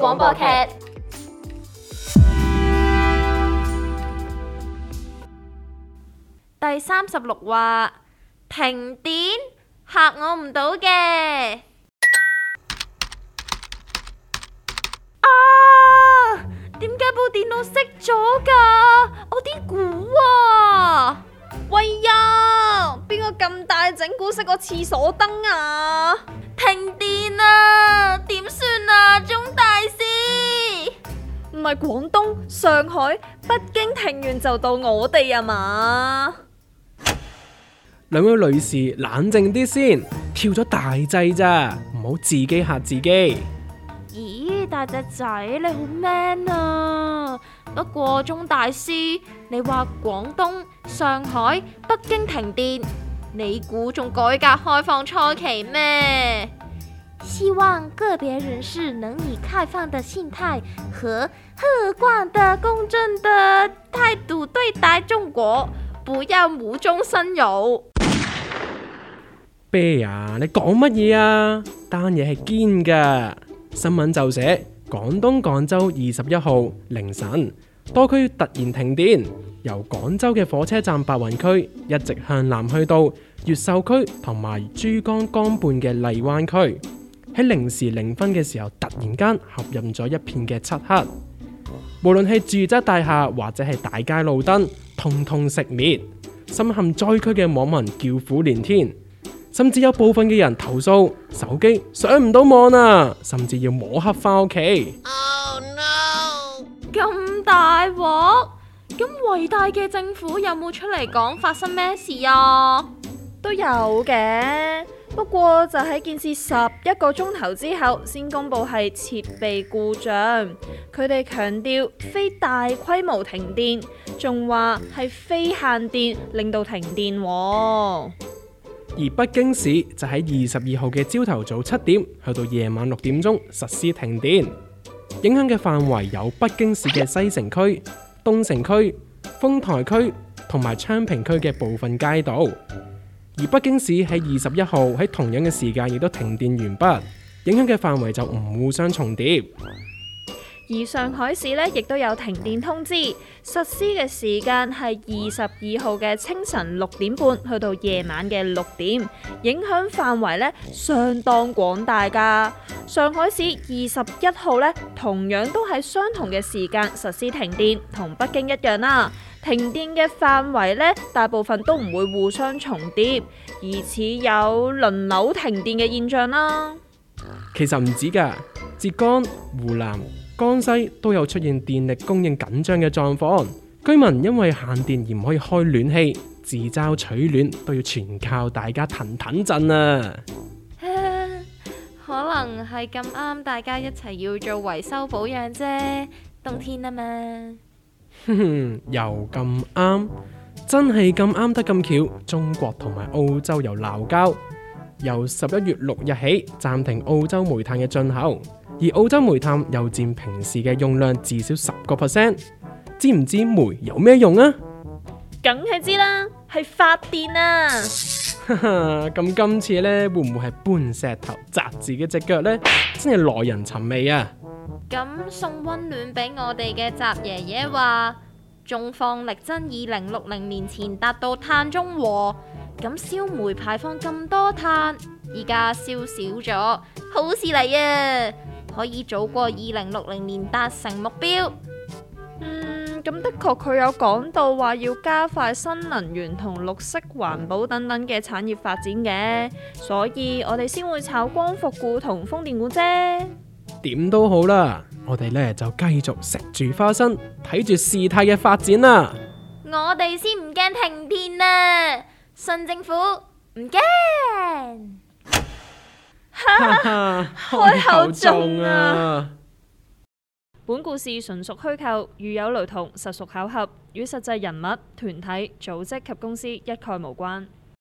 廣播劇第三十六話，停電吓我唔到嘅啊！點解部電腦熄咗㗎？我啲鼓啊！喂呀，邊個咁大整蠱熄個廁所燈啊？停電啊！點算啊？中大。喺廣東、上海、北京停完就到我哋啊嘛！兩位女士冷靜啲先，跳咗大掣咋，唔好自己吓自己。咦，大隻仔你好 man 啊！不過鐘大師，你話廣東、上海、北京停電，你估仲改革開放初期咩？希望個別人士能以開放的心態和客觀的、公正的態度對待中國，不要無中生有。啤牙啊？你講乜嘢啊？單嘢係堅噶。新聞就寫：廣東廣州二十一號凌晨多區突然停電，由廣州嘅火車站白雲區一直向南去到越秀區同埋珠江江畔嘅荔灣區。喺零時零分嘅時候，突然間陷入咗一片嘅漆黑。無論係住宅大廈或者係大街路燈，通通熄滅。深陷災區嘅網民叫苦連天，甚至有部分嘅人投訴手機上唔到網啊，甚至要摸黑翻屋企。Oh no！咁大鑊，咁偉大嘅政府有冇出嚟講發生咩事啊？都有嘅。不過就喺件事十一個鐘頭之後，先公布係設備故障。佢哋強調非大規模停電，仲話係非限電令到停電。而北京市就喺二十二號嘅朝頭早七點去到夜晚六點鐘實施停電，影響嘅範圍有北京市嘅西城區、東城區、豐台區同埋昌平區嘅部分街道。而北京市喺二十一號喺同樣嘅時間亦都停電完畢，影響嘅範圍就唔互相重疊。而上海市咧，亦都有停電通知，實施嘅時間係二十二號嘅清晨六點半，去到夜晚嘅六點，影響範圍咧相當廣大㗎。上海市二十一號咧，同樣都係相同嘅時間實施停電，同北京一樣啦。停電嘅範圍咧，大部分都唔會互相重疊，而似有輪流停電嘅現象啦。其實唔止㗎，浙江、湖南。江西都有出現電力供應緊張嘅狀況，居民因為限電而唔可以開暖氣，自嘲取暖都要全靠大家騰騰震啊！ 可能係咁啱，大家一齊要做維修保養啫，冬天啊嘛。 又咁啱，真係咁啱得咁巧，中國同埋澳洲又鬧交，由十一月六日起暫停澳洲煤炭嘅進口。而澳洲煤炭又佔平時嘅用量至少十個 percent。知唔知煤有咩用啊？梗係知啦，係發電啊。咁今 次呢會唔會係搬石頭砸自己隻腳呢？真係耐人尋味啊！咁送溫暖俾我哋嘅習爺爺話，中方力爭二零六零年前達到碳中和。咁燒煤排放咁多碳，而家燒少咗，好事嚟啊！可以早過二零六零年達成目標。嗯，咁的確佢有講到話要加快新能源同綠色環保等等嘅產業發展嘅，所以我哋先會炒光伏股同風電股啫。點都好啦，我哋呢就繼續食住花生，睇住事態嘅發展啦。我哋先唔驚停電啊，信政府，唔驚。哈哈開口中啊！本故事純屬虛構，如有雷同，實屬巧合，與實際人物、團體、組織及公司一概無關。